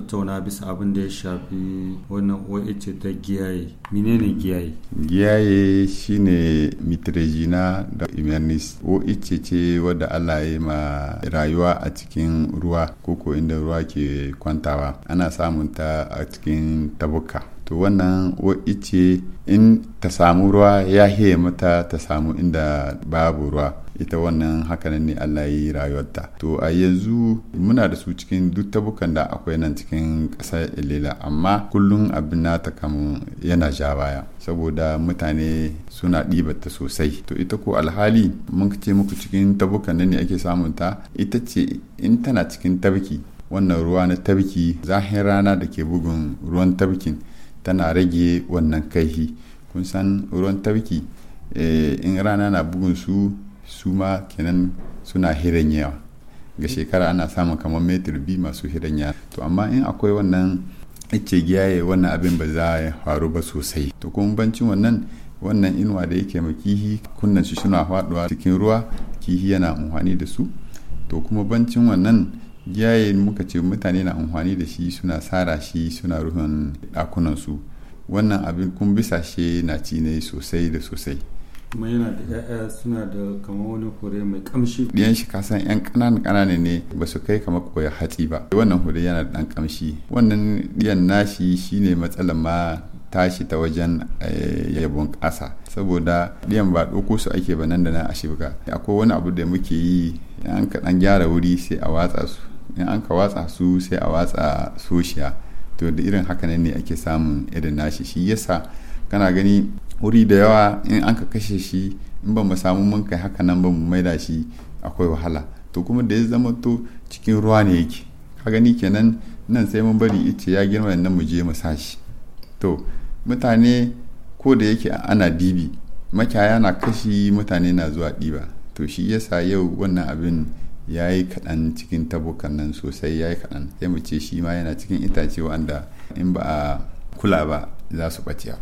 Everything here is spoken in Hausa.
tattauna bisa abin da ya shafi wannan OH ta giyaye. Menene giyaye? Giyaye shine mitrejina da imanis OH ce wadda Allah ya ma rayuwa a cikin ruwa koko inda ruwa ke kwantawa. Ana samun ta a cikin tabuka. to wannan ice in ta samu ruwa ya heye mata ta samu inda babu ruwa ita wannan hakanan ne Allah yi rayuwarta to a yanzu muna da su cikin duk tabukan da akwai nan cikin ƙasar Ilela amma kullum abin nata kamun yana ja baya saboda mutane suna ɗibata sosai to ita ko alhali mun ce muku cikin tabukan ne ake samun ta ita ce in tana cikin tabki wannan ruwa na tabki zahin rana da ke bugun ruwan tabkin tana rage wannan kaihi kun san ruwan tafki eh, in rana na bugun su su ma kenan suna hiranyawa ga shekara ana samun kamar metir bi masu hiranya to amma in akwai wannan ice giyaye wannan abin ba za ya faru ba sosai to kuma bancin wannan wannan inuwa da yake ma kihi kunnan su suna faduwa cikin ruwa kihi yana amfani da su to kuma bancin wannan yayin muka ce mutane na amfani da shi suna sara shi suna ruhun ɗakunansu wannan abin kun bisa shi na ci ne sosai da sosai kuma yana da ya'ya suna da kama wani hore mai kamshi ɗiyan shi kasan yan ƙananan ƙananan ne ba su kai kama koya hatsi ba wannan hore yana da ɗan kamshi wannan ɗiyan nashi shine matsalar ma tashi ta wajen eh, yabon ƙasa saboda ɗiyan ba ɗauko su ake ba nan da na a shi akwai wani abu da muke yi an kaɗan gyara wuri sai a watsa su in an ka watsa su sai a watsa soshiya to da irin haka nan ne ake samun irin nashi shi yasa kana gani wuri da yawa in an ka kashe shi in ba mu samu mun kai haka nan ba mu maida shi akwai wahala to kuma da ya zama to cikin ruwa ne yake ka gani kenan nan sai mun bari ice ya girma nan mu je mu sashi to mutane ko da yake ana dibi makiyaya na kashi mutane na zuwa ɗiba to shi yasa yau wannan abin ya yi kaɗan cikin tabukan nan sosai ya yi kaɗan sai mu ce shi ma yana cikin itace wanda in ba a kula ba za su ɓaciya.